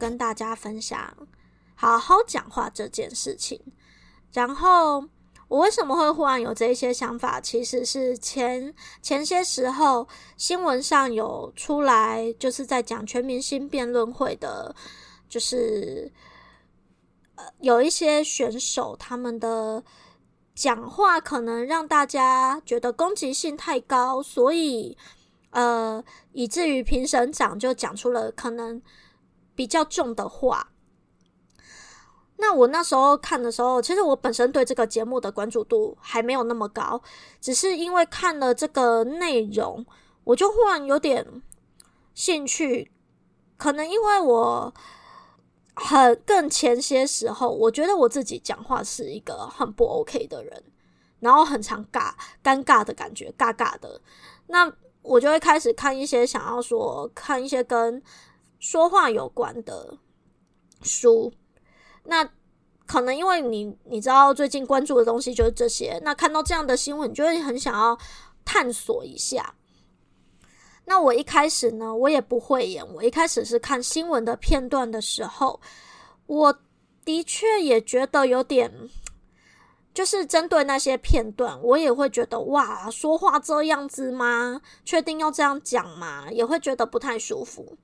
跟大家分享好好講話這件事情。然後我為什麼會忽然有這些想法？其實是前前些時候新聞上有出來，就是在講全明星辯論會的，就是呃有一些選手他們的講話可能讓大家覺得攻擊性太高，所以呃以至於評審長就講出了可能。比較重的話，那我那時候看的時候，其實我本身對這個節目的關注度還沒有那麽高，只是因為看了這個內容，我就忽然有點興趣。可能因為我很更前些時候，我覺得我自己講話是一個很不 OK 的人，然後很常尬尷尬的感覺，尬尬的。那我就會開始看一些，想要說看一些跟。說話有關的書，那可能因為你你知道最近關注的東西就是這些，那看到這樣的新聞，你就會很想要探索一下。那我一開始呢，我也不會演。我一開始是看新聞的片段的時候，我的確也覺得有點，就是針對那些片段，我也會覺得哇，說話這樣子嗎？確定要這樣講嗎？也會覺得不太舒服。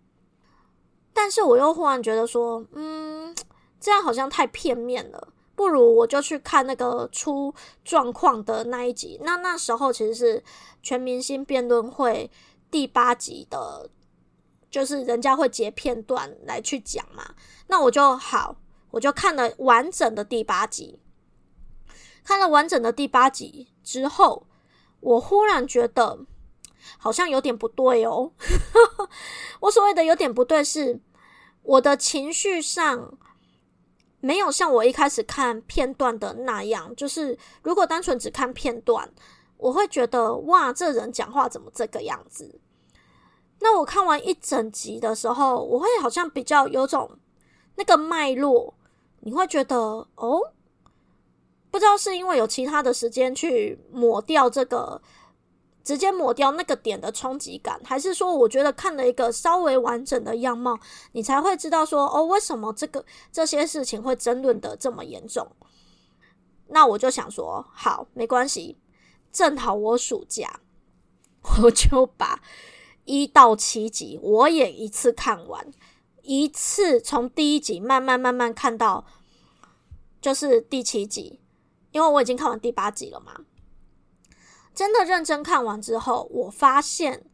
但是我又忽然覺得說，嗯，這樣好像太片面了，不如我就去看那個出狀況的那一集。那那時候其實是全明星辯論會第八集的，就是人家會截片段來去講嘛。那我就好，我就看了完整的第八集。看了完整的第八集之後，我忽然覺得好像有點不對哦。 我所謂的有點不對是。我的情緒上沒有像我一開始看片段的那樣，就是如果單純只看片段，我會覺得哇，這人講話怎麼這個樣子？那我看完一整集的時候，我會好像比較有種那個脈絡，你會覺得哦，不知道是因為有其他的時間去抹掉這個。直接抹掉那個點的衝擊感，還是說，我覺得看了一個稍微完整的樣貌，你才會知道說，哦，為什麼這個這些事情會爭論得這麼嚴重？那我就想說，好，沒關係，正好我暑假，我就把一到七集我也一次看完，一次從第一集慢慢慢慢看到就是第七集，因為我已經看完第八集了嘛。真的認真看完之後，我發現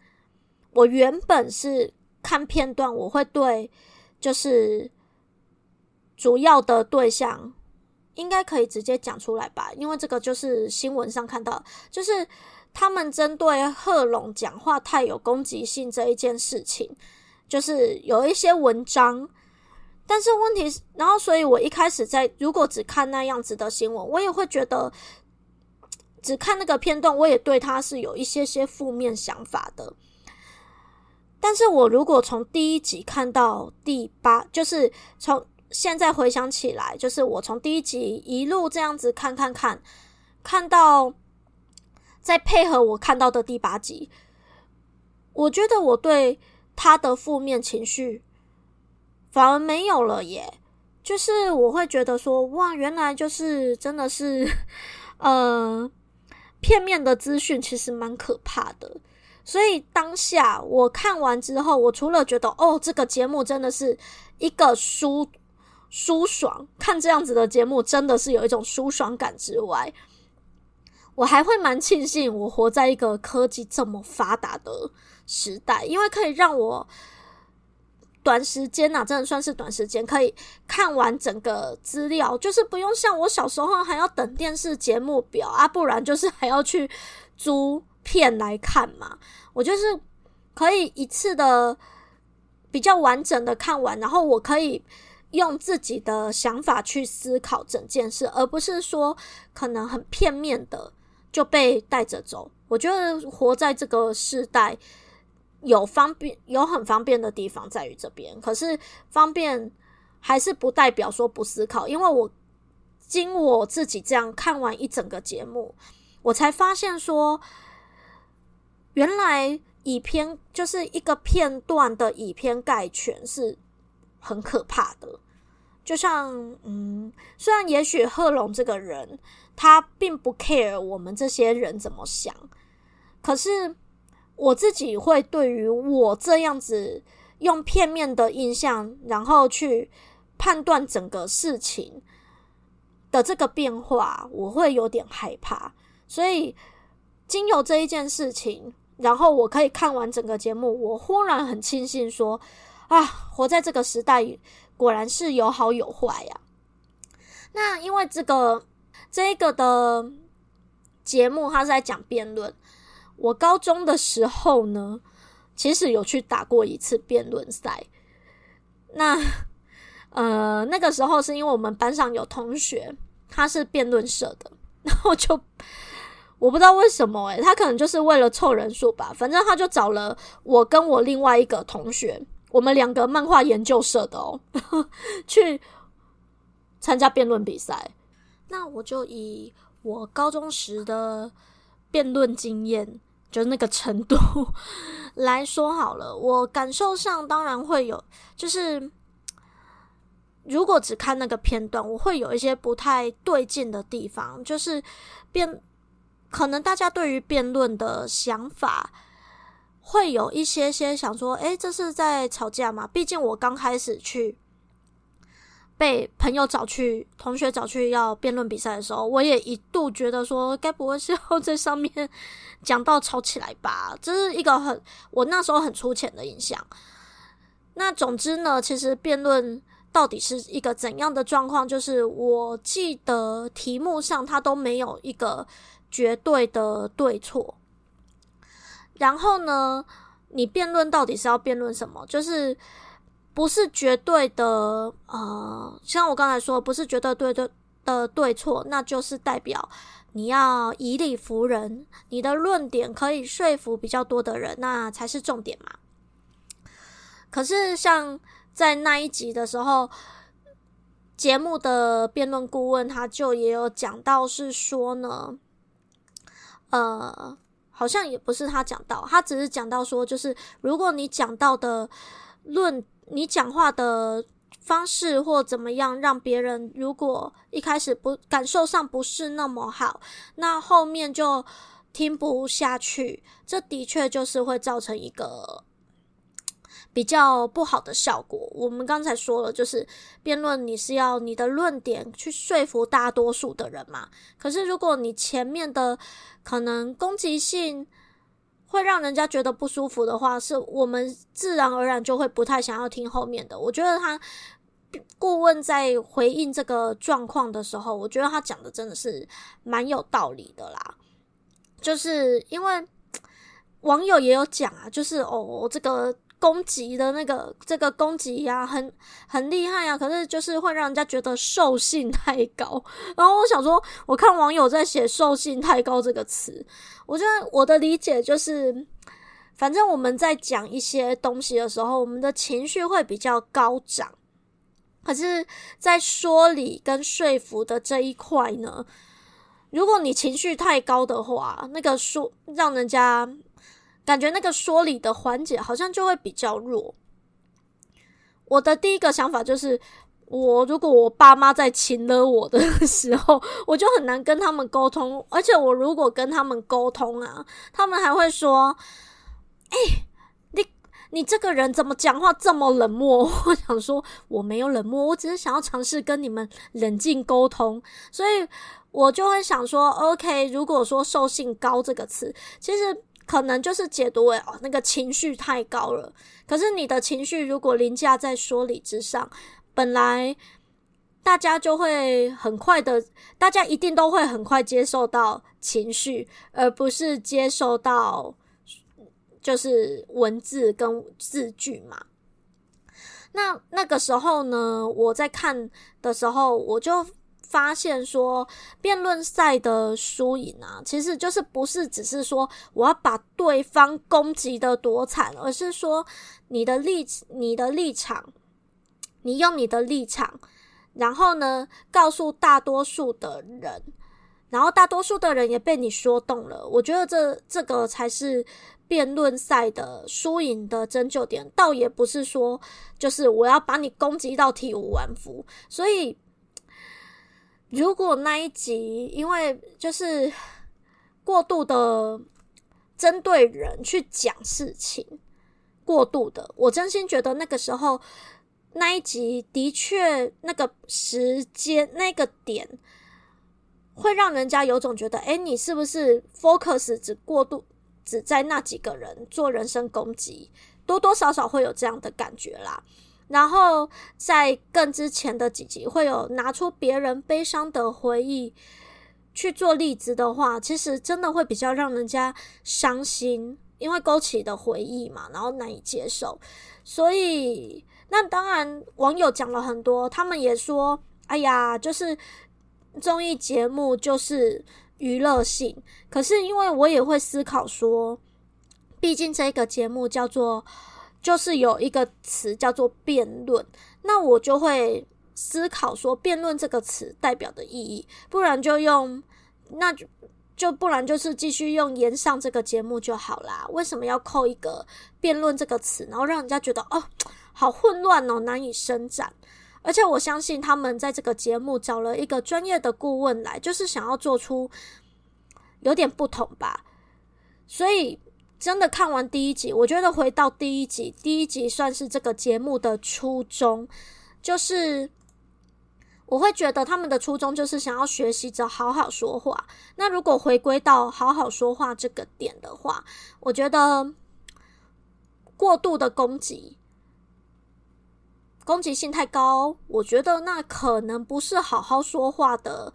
我原本是看片段，我會對就是主要的對象應該可以直接講出來吧，因為這個就是新聞上看到，就是他們針對賀瓏講話太有攻擊性這一件事情，就是有一些文章，但是問題是，然後所以我一開始在如果只看那樣子的新聞，我也會覺得。只看那個片段，我也對他是有一些些負面想法的。但是我如果從第一集看到第八，就是從現在回想起來，就是我從第一集一路這樣子看看看，看到再配合我看到的第八集，我覺得我對他的負面情緒反而沒有了耶。就是我會覺得說，哇，原來就是真的是，嗯。片面的資訊其實蠻可怕的，所以當下我看完之後，我除了覺得哦，這個節目真的是一個舒舒爽，看這樣子的節目真的是有一種舒爽感之外，我還會蠻慶幸我活在一個科技這麼發達的時代，因為可以讓我。短時間啊，真的算是短時間，可以看完整個資料，就是不用像我小時候還要等電視節目表啊，不然就是還要去租片來看嘛。我就是可以一次的比較完整的看完，然後我可以用自己的想法去思考整件事，而不是說可能很片面的就被帶着走。我覺得活在這個世代。有方便，有很方便的地方在於這邊，可是方便還是不代表說不思考。因為我經我自己這樣看完一整個節目，我才發現說，原來以偏，就是一個片段的以偏概全是很可怕的。就像嗯，雖然也許賀龍這個人他並不 care 我們這些人怎麼想，可是，我自己會對於我這樣子用片面的印象，然後去判斷整個事情的這個變化，我會有點害怕。所以經由這一件事情，然後我可以看完整個節目，我忽然很慶幸說，啊，活在這個時代，果然是有好有壞呀。那因為這個這個的節目，它是在講辯論。我高中的時候呢，其實有去打過一次辯論賽。那呃，那個時候是因為我們班上有同學他是辯論社的，然後就我不知道為什麼欸，他可能就是為了湊人數吧，反正他就找了我跟我另外一個同學，我們兩個漫畫研究社的喔，去參加辯論比賽。那我就以我高中時的辯論經驗，就那個程度來說好了，我感受上當然會有，就是如果只看那個片段，我會有一些不太對勁的地方，就是辯，可能大家對於辯論的想法會有一些些想說，誒、欸，這是在吵架嘛？畢竟我剛開始去。被朋友找去，同學找去要辯論比賽的時候，我也一度覺得說，該不會是要在上面講到吵起來吧？這是一個很我那時候很粗淺的印象。那總之呢，其實辯論到底是一個怎樣的狀況？就是我記得題目上它都沒有一個絕對的對錯。然後呢，你辯論到底是要辯論什麼？就是。不是絕對的，呃，像我剛才說，不是絕對對的的對錯，那就是代表你要以理服人，你的論點可以說服比較多的人，那才是重點嘛。可是像在那一集的時候，節目的辯論顧問他就也有講到，是說呢，呃，好像也不是他講到，他只是講到說，就是如果你講到的論。你講話的方式或怎麼樣，讓別人如果一開始不感受上不是那麼好，那後面就聽不下去。這的確就是會造成一個比較不好的效果。我們剛才說了，就是辯論你是要你的論點去說服大多數的人嘛。可是如果你前面的可能攻擊性，會讓人家覺得不舒服的話，是我們自然而然就會不太想要聽後面的。我覺得他顧問在回應這個狀況的時候，我覺得他講的真的是蠻有道理的啦。就是因為網友也有講啊，就是哦，這個。攻擊的那個這個攻擊呀、啊，很很厲害呀、啊。可是就是會讓人家覺得獸性太高。然後我想說，我看網友在寫“獸性太高”這個詞，我覺得我的理解就是，反正我們在講一些東西的時候，我們的情緒會比較高漲。可是，在說理跟說服的這一塊呢，如果你情緒太高的話，那個說讓人家。感覺那個說理的環節好像就會比較弱。我的第一個想法就是，我如果我爸媽在親了我的時候，我就很難跟他們溝通。而且我如果跟他們溝通啊，他們還會說：“哎、欸，你你這個人怎麼講話這麼冷漠？”我想說，我沒有冷漠，我只是想要嘗試跟你們冷靜溝通。所以我就會想說，OK，如果說“受性高”這個詞，其實。可能就是解讀為哦，那個情緒太高了。可是你的情緒如果凌駕在說理之上，本來大家就會很快的，大家一定都會很快接受到情緒，而不是接受到就是文字跟字句嘛。那那個時候呢，我在看的時候，我就。發現說，辯論賽的輸贏啊，其實就是不是只是說我要把對方攻擊得多慘，而是說你的立你的立場，你用你的立場，然後呢告訴大多數的人，然後大多數的人也被你說動了。我覺得這這個才是辯論賽的輸贏的癥結點，倒也不是說就是我要把你攻擊到體無完膚，所以。如果那一集因為就是過度的針對人去講事情，過度的，我真心覺得那個時候那一集的確那個時間那個點會讓人家有種覺得，哎、欸，你是不是 focus 只過度只在那幾個人做人身攻擊，多多少少會有這樣的感覺啦。然後，在更之前的幾集會有拿出別人悲傷的回憶去做例子的話，其實真的會比較讓人家傷心，因為勾起的回憶嘛，然後難以接受。所以，那當然網友講了很多，他們也說：“哎呀，就是綜藝節目就是娛樂性。”可是，因為我也會思考說，畢竟這個節目叫做。就是有一個詞叫做辯論，那我就會思考說辯論這個詞代表的意義，不然就用，那就就不然就是繼續用言上這個節目就好啦。為什麼要扣一個辯論這個詞，然後讓人家覺得哦，好混亂哦，難以伸展。而且我相信他們在這個節目找了一個專業的顧問來，就是想要做出有點不同吧，所以。真的看完第一集，我覺得回到第一集，第一集算是這個節目的初衷，就是我會覺得他們的初衷就是想要學習着好好說話。那如果回歸到好好說話這個點的話，我覺得過度的攻擊、攻擊性太高，我覺得那可能不是好好說話的。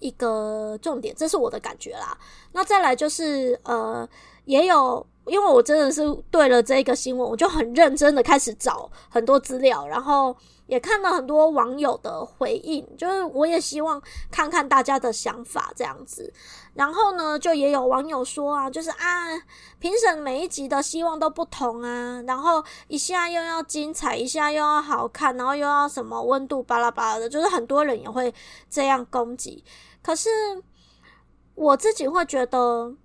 一個重點，這是我的感覺啦。那再來就是，呃，也有，因為我真的是對了這個新聞，我就很認真的開始找很多資料，然後也看了很多網友的回應，就是我也希望看看大家的想法這樣子。然後呢，就也有網友說啊，就是啊，評審每一集的希望都不同啊，然後一下又要精彩，一下又要好看，然後又要什麼溫度巴拉巴拉的，就是很多人也會這樣攻擊。可是我自己會覺得，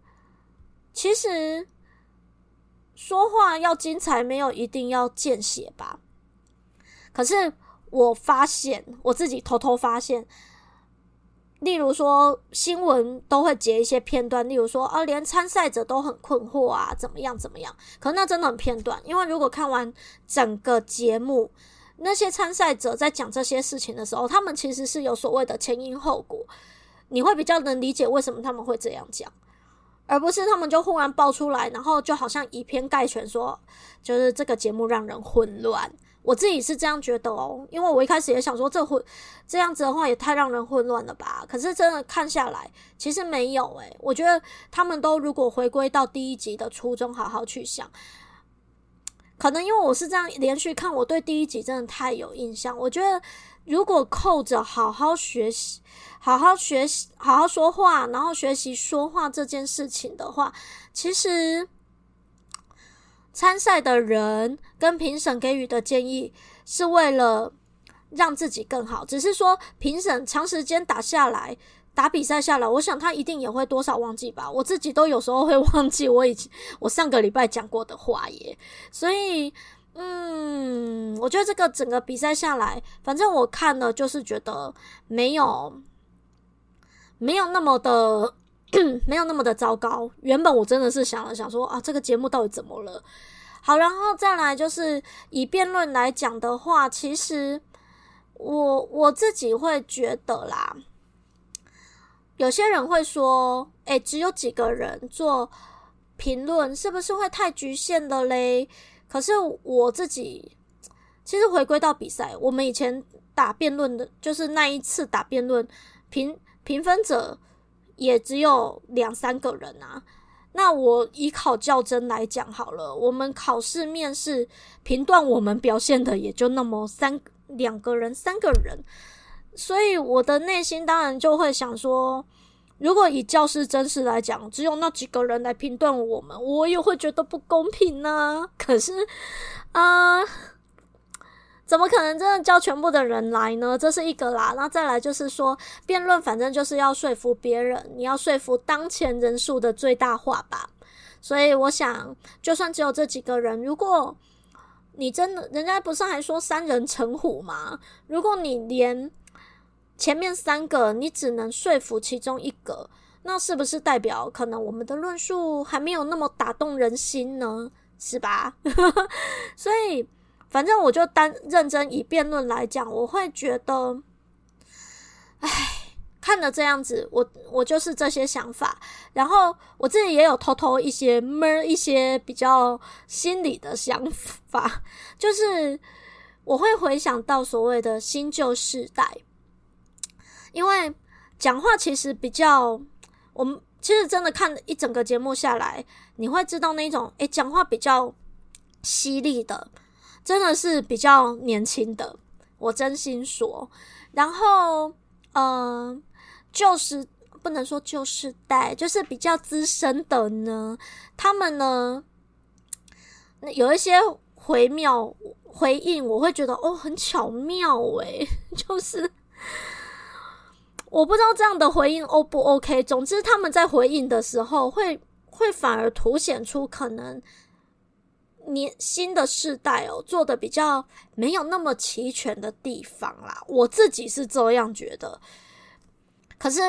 其實說話要精彩，沒有一定要見血吧。可是我發現我自己偷偷發現，例如說新聞都會截一些片段，例如說啊，連參賽者都很困惑啊，怎麼樣怎麼樣？可是那真的很片段，因為如果看完整個節目，那些參賽者在講這些事情的時候，他們其實是有所謂的前因後果。你會比較能理解為什麼他們會這樣講，而不是他們就忽然爆出來，然後就好像以偏概全說，就是這個節目讓人混亂。我自己是這樣覺得哦，因為我一開始也想說這會這樣子的話也太讓人混亂了吧。可是真的看下來，其實沒有誒，我覺得他們都如果回歸到第一集的初衷，好好去想，可能因為我是這樣連續看，我對第一集真的太有印象，我覺得。如果扣着好好學習、好好學習、好好說話，然後學習說話這件事情的話，其實參賽的人跟評審給予的建議是為了讓自己更好。只是說評審長時間打下來、打比賽下來，我想他一定也會多少忘記吧？我自己都有時候會忘記我以前，我上個禮拜講過的話耶，所以。嗯，我覺得這個整個比賽下來，反正我看了就是覺得沒有沒有那麼的沒有那麼的糟糕。原本我真的是想了想說，啊，這個節目到底怎麼了？好，然後再來就是以辯論來講的話，其實我我自己會覺得啦，有些人會說，哎、欸，只有幾個人做評論，是不是會太侷限的嘞？可是我自己，其實回歸到比賽，我們以前打辯論的，就是那一次打辯論，評評分者也只有兩三個人啊。那我以考較真來講好了，我們考試面試評斷我們表現的也就那麼三兩個人，三個人，所以我的內心當然就會想說，如果以教師真實來講，只有那幾個人來評斷我們，我也會覺得不公平呢、啊。可是啊、呃，怎麼可能真的叫全部的人來呢？這是一個啦。那再來就是說，辯論反正就是要說服別人，你要說服當前人數的最大化吧。所以我想，就算只有這幾個人，如果你真的，人家不是還說三人成虎嗎？如果你連前面三個，你只能說服其中一個，那是不是代表可能我們的論述還沒有那麼打動人心呢？是吧？ 所以反正我就單認真以辯論來講，我會覺得，哎，看了這樣子，我我就是這些想法。然後我自己也有偷偷一些悶一些比較心理的想法，就是我會回想到所謂的新舊世代。因為講話其實比較，我們其實真的看一整個節目下來，你會知道那種誒，講、欸、話比較犀利的，真的是比較年輕的。我真心說，然後呃、就是不能說舊世代，就是比較資深的呢，他們呢，那有一些回妙回應，我會覺得哦，很巧妙誒、欸，就是。我不知道這樣的回應 O 不 OK，總之他們在回應的時候會、會會反而凸顯出可能你新的世代哦、喔、做的比較沒有那麼齊全的地方啦，我自己是這樣覺得。可是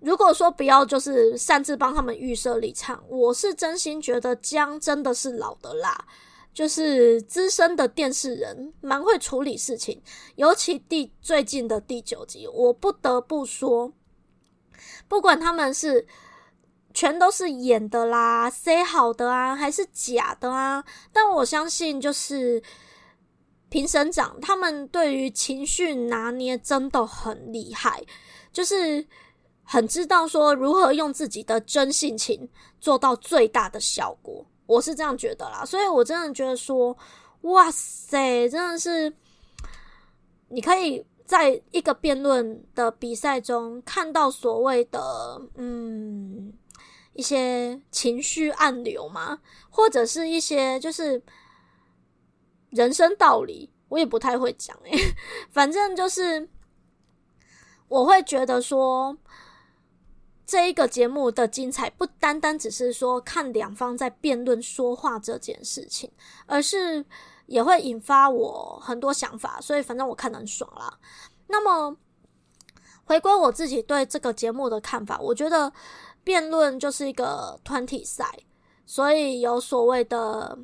如果說不要就是擅自幫他們預設立場，我是真心覺得薑真的是老的辣。就是資深的電視人，蠻會處理事情。尤其第最近的第九集，我不得不說，不管他們是全都是演的啦、塞好的啊，還是假的啊，但我相信，就是評審長他們對於情緒拿捏真的很厲害，就是很知道說如何用自己的真性情做到最大的效果。我是這樣覺得啦，所以我真的覺得說，哇塞，真的是，你可以在一個辯論的比賽中看到所謂的嗯一些情緒暗流嘛，或者是一些就是人生道理，我也不太會講欸，反正就是我會覺得說。這一個節目的精彩不單單只是說看兩方在辯論說話這件事情，而是也會引發我很多想法，所以反正我看得很爽啦。那麼回歸我自己對這個節目的看法，我覺得辯論就是一個團體賽，所以有所謂的。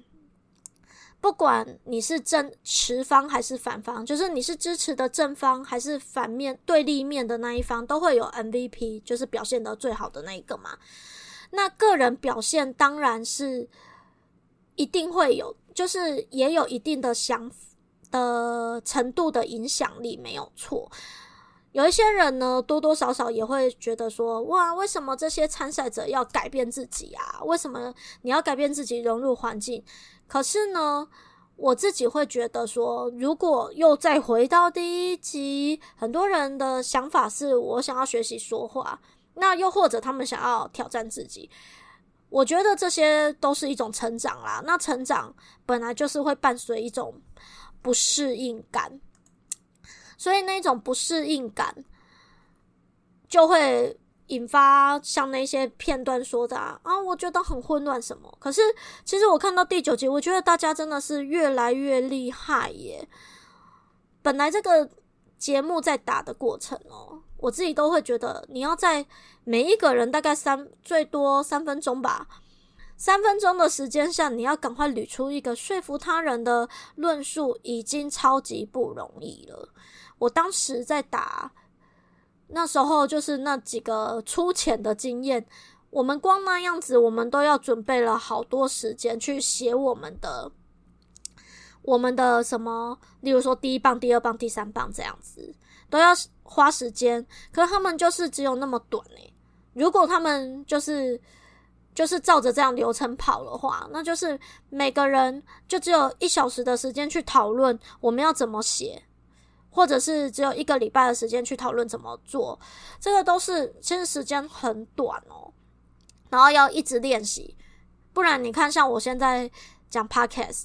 不管你是正持方還是反方，就是你是支持的正方還是反面對立面的那一方，都會有 MVP，就是表現得最好的那一個嘛。那個人表現當然是一定會有，就是也有一定的想的程度的影響力，沒有錯。有一些人呢，多多少少也會覺得說，哇，為什麼這些參賽者要改變自己啊？為什麼你要改變自己融入環境？可是呢，我自己會覺得說，如果又再回到第一集，很多人的想法是我想要學習說話，那又或者他們想要挑戰自己，我覺得這些都是一種成長啦。那成長本來就是會伴隨一種不適應感。所以那種不適應感，就會引發像那些片段說的啊，啊我覺得很混亂什麼。可是其實我看到第九集，我覺得大家真的是越來越厲害耶。本來這個節目在打的過程哦，我自己都會覺得，你要在每一個人大概三，最多三分鐘吧，三分鐘的時間下，你要趕快捋出一個說服他人的論述，已經超級不容易了。我當時在打，那時候就是那幾個粗淺的經驗。我們光那樣子，我們都要準備了好多時間去寫我們的、我們的什麼，例如說第一棒、第二棒、第三棒這樣子，都要花時間。可是他們就是只有那麼短哎、欸。如果他們就是就是照着這樣流程跑的話，那就是每個人就只有一小時的時間去討論我們要怎麼寫。或者是只有一個禮拜的時間去討論怎麼做，這個都是其實時間很短哦、喔，然後要一直練習，不然你看，像我現在講 podcast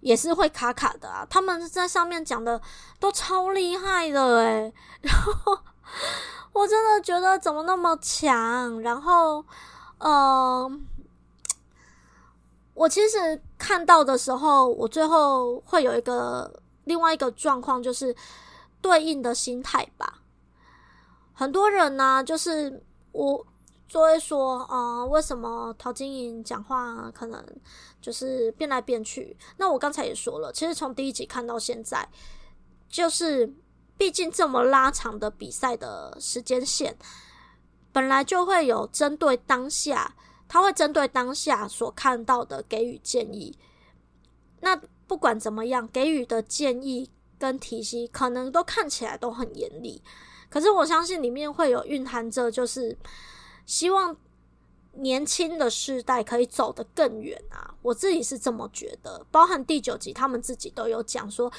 也是會卡卡的啊。他們在上面講的都超厲害的誒、欸。然後我真的覺得怎麼那麼強？然後嗯、呃，我其實看到的時候，我最後會有一個。另外一個狀況就是對應的心態吧。很多人呢、啊，就是我作為說，啊、呃，為什麼陶晶瑩講話可能就是變來變去？那我剛才也說了，其實從第一集看到現在，就是畢竟這麼拉長的比賽的時間線，本來就會有針對當下，他會針對當下所看到的給予建議。那。不管怎麼樣，給予的建議跟提醒可能都看起來都很嚴厲，可是我相信裡面會有蘊含着，就是希望年輕的世代可以走得更遠啊。我自己是這麼覺得。包含第九集，他們自己都有講說，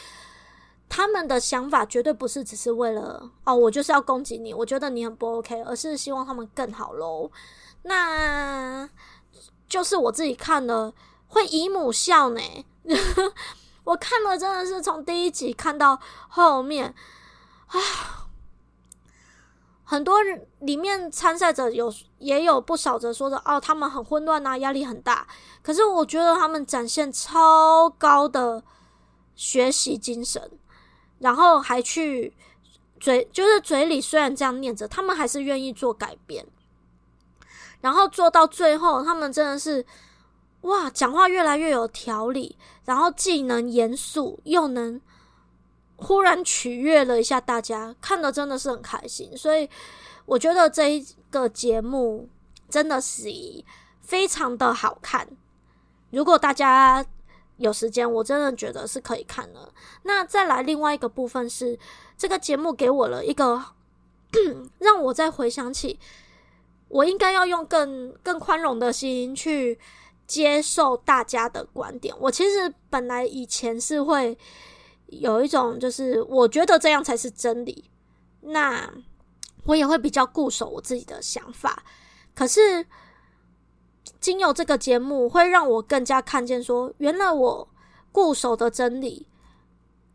他們的想法絕對不是只是為了哦，我就是要攻擊你，我覺得你很不 OK，而是希望他們更好嘍。那就是我自己看了會姨母笑呢。 我看了，真的是從第一集看到後面，啊，很多人裡面參賽者有也有不少，者說的哦，他們很混亂啊，壓力很大。可是我覺得他們展現超高的學習精神，然後還去嘴，就是嘴裡雖然這樣念着，他們還是願意做改變，然後做到最後，他們真的是。哇，講話越來越有條理，然後既能嚴肅，又能忽然取悅了一下大家，看得真的是很開心。所以我覺得這一個節目真的是非常的好看。如果大家有時間，我真的覺得是可以看了。那再來另外一個部分是，這個節目給我了一個 讓我再回想起，我應該要用更更寬容的心去。接受大家的觀點。我其實本來以前是會有一種，就是我覺得這樣才是真理，那我也會比較固守我自己的想法。可是，經由這個節目，會讓我更加看見，說原來我固守的真理，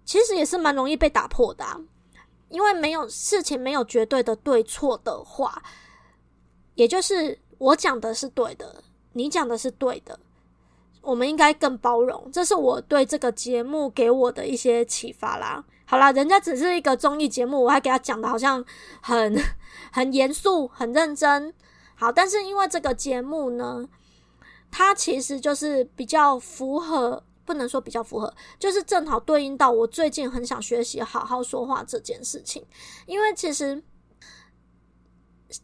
其實也是蠻容易被打破的啊，因為沒有，事情沒有絕對的對錯的話，也就是我講的是對的，你講的是對的，我們應該更包容。這是我對這個節目給我的一些啟發啦。好啦，人家只是一個綜藝節目，我還給他講的好像很很嚴肅、很認真。好，但是因為這個節目呢，它其實就是比較符合，不能說比較符合，就是正好對應到我最近很想學習好好說話這件事情。因為其實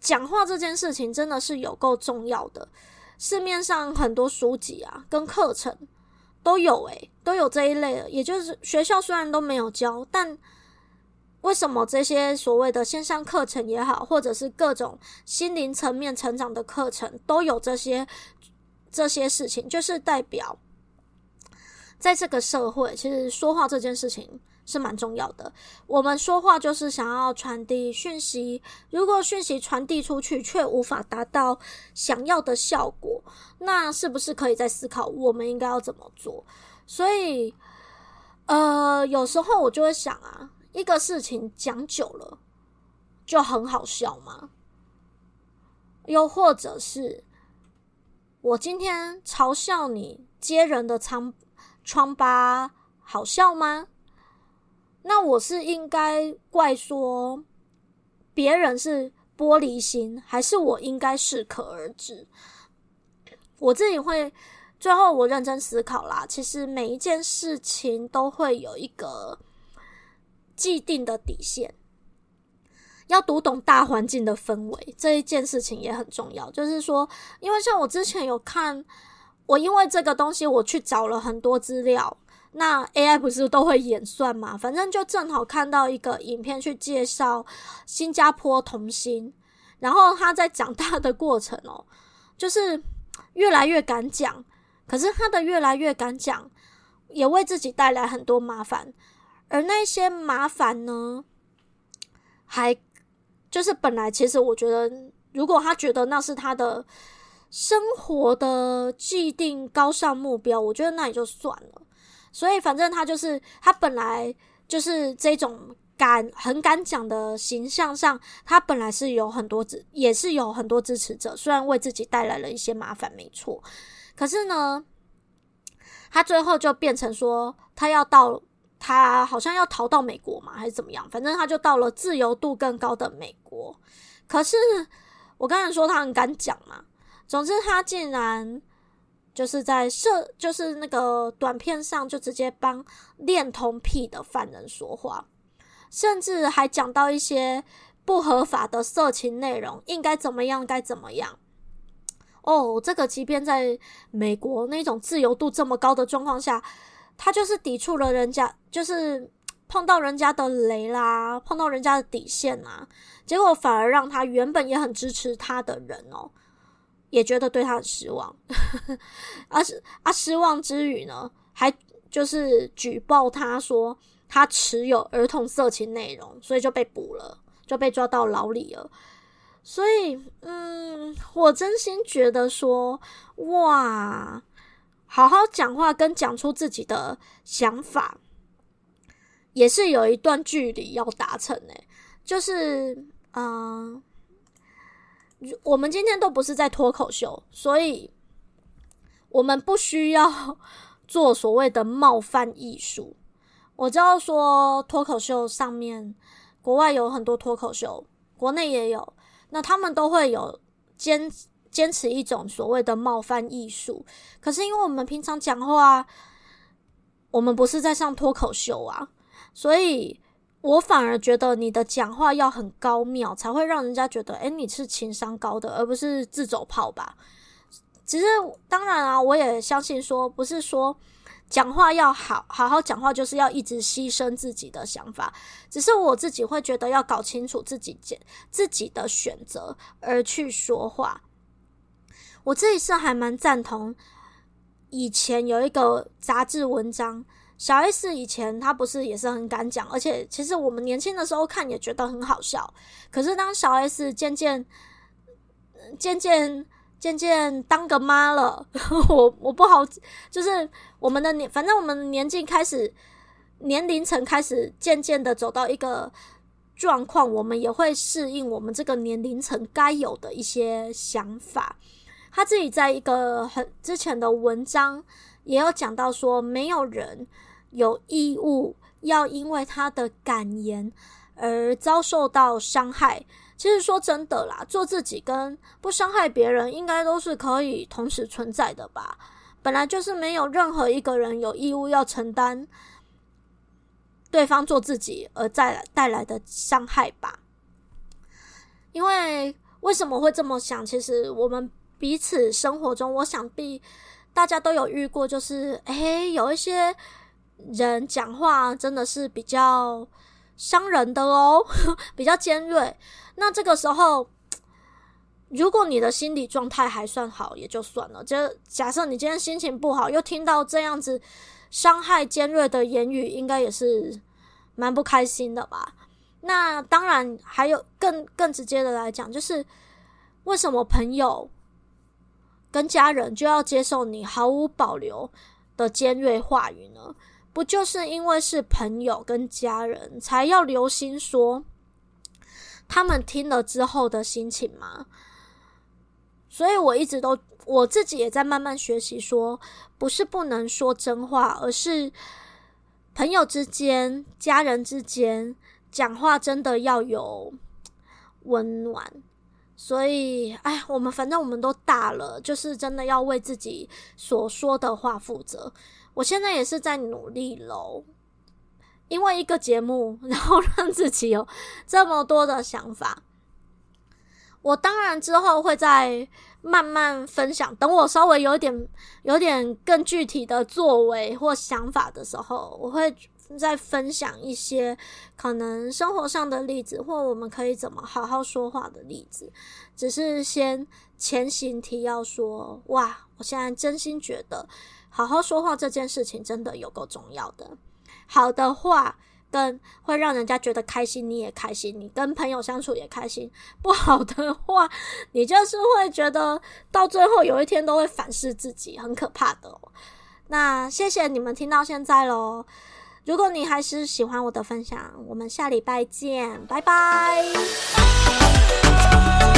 講話這件事情真的是有夠重要的。市面上很多書籍啊，跟課程都有欸，誒，都有這一類的。也就是學校雖然都沒有教，但為什麼這些所謂的線上課程也好，或者是各種心靈層面成長的課程都有這些這些事情？就是代表，在這個社會，其實說話這件事情。是蠻重要的。我們說話就是想要傳遞訊息，如果訊息傳遞出去卻無法達到想要的效果，那是不是可以再思考我們應該要怎麼做？所以，呃，有時候我就會想啊，一個事情講久了就很好笑嗎？又或者是我今天嘲笑你揭人的瘡瘡疤，好笑嗎？那我是應該怪說別人是玻璃心，還是我應該適可而止？我自己會最後我認真思考啦。其實每一件事情都會有一個既定的底線，要讀懂大環境的氛圍這一件事情也很重要。就是說，因為像我之前有看，我因為這個東西，我去找了很多資料。那 AI 不是都會演算嘛？反正就正好看到一個影片，去介紹新加坡童星，然後他在長大的過程哦，就是越來越敢講。可是他的越來越敢講，也為自己帶來很多麻煩。而那些麻煩呢，還就是本來其實我覺得，如果他覺得那是他的生活的既定高尚目標，我覺得那也就算了。所以，反正他就是他本來就是這種敢很敢講的形象上，他本來是有很多也是有很多支持者，雖然為自己帶來了一些麻煩，沒錯。可是呢，他最後就變成說，他要到他好像要逃到美國嘛，還是怎麼樣？反正他就到了自由度更高的美國。可是我剛才說他很敢講嘛，總之他竟然。就是在社，就是那個短片上，就直接幫戀童癖的犯人說話，甚至還講到一些不合法的色情內容，應該怎麼樣，應該怎麼樣。哦，這個即便在美國那種自由度這麼高的狀況下，他就是抵觸了人家，就是碰到人家的雷啦，碰到人家的底線啦，啊，結果反而讓他原本也很支持他的人哦。也覺得對他很失望，而是啊，啊，失望之餘呢，還就是舉報他說他持有兒童色情內容，所以就被捕了，就被抓到牢裡了。所以，嗯，我真心覺得說，哇，好好講話跟講出自己的想法，也是有一段距離要達成呢、欸。就是，嗯、呃。我們今天都不是在脫口秀，所以我們不需要做所謂的冒犯藝術。我知道說脫口秀上面，國外有很多脫口秀，國內也有，那他們都會有堅堅持一種所謂的冒犯藝術。可是因為我們平常講話，我們不是在上脫口秀啊，所以。我反而覺得你的講話要很高妙，才會讓人家覺得，誒，你是情商高的，而不是自走炮吧？其實，當然啊，我也相信說，不是說講話要好好好講話，就是要一直犧牲自己的想法。只是我自己會覺得，要搞清楚自己、自己的選擇而去說話。我這一次還蠻贊同，以前有一個雜誌文章。小 S 以前他不是也是很敢講，而且其實我們年輕的時候看也覺得很好笑。可是當小 S 漸漸、漸漸、漸漸當個媽了，我我不好，就是我們的年，反正我們年紀開始，年齡層開始漸漸的走到一個狀況，我們也會適應我們這個年齡層該有的一些想法。他自己在一個很之前的文章，也有講到說，沒有人有義務要因為他的感言而遭受到傷害。其實說真的啦，做自己跟不傷害別人，應該都是可以同時存在的吧。本來就是沒有任何一個人有義務要承擔對方做自己而帶帶來的傷害吧。因為為什麼會這麼想？其實我們彼此生活中，我想必。大家都有遇過，就是誒、欸、有一些人講話真的是比較傷人的哦，比較尖銳。那這個時候，如果你的心理狀態還算好，也就算了。就假設你今天心情不好，又聽到這樣子傷害、尖銳的言語，應該也是蠻不開心的吧？那當然，還有更更直接的來講，就是為什麼朋友？跟家人就要接受你毫無保留的尖銳話語呢？不就是因為是朋友跟家人，才要留心說他們聽了之後的心情嗎？所以我一直都，我自己也在慢慢學習，說不是不能說真話，而是朋友之間、家人之間講話真的要有溫暖。所以，哎，我們反正我們都大了，就是真的要為自己所說的話負責。我現在也是在努力嘍，因為一個節目，然後讓自己有這麼多的想法。我當然之後會再慢慢分享，等我稍微有點、有點更具體的作為或想法的時候，我會。再分享一些可能生活上的例子，或我們可以怎麼好好說話的例子。只是先前行提要說，哇，我現在真心覺得好好說話這件事情真的有夠重要的。好的話，跟會讓人家覺得開心，你也開心，你跟朋友相處也開心。不好的話，你就是會覺得到最後有一天都會反噬自己，很可怕的喔。那謝謝你們聽到現在嘍。如果你還是喜歡我的分享，我們下禮拜見，拜拜。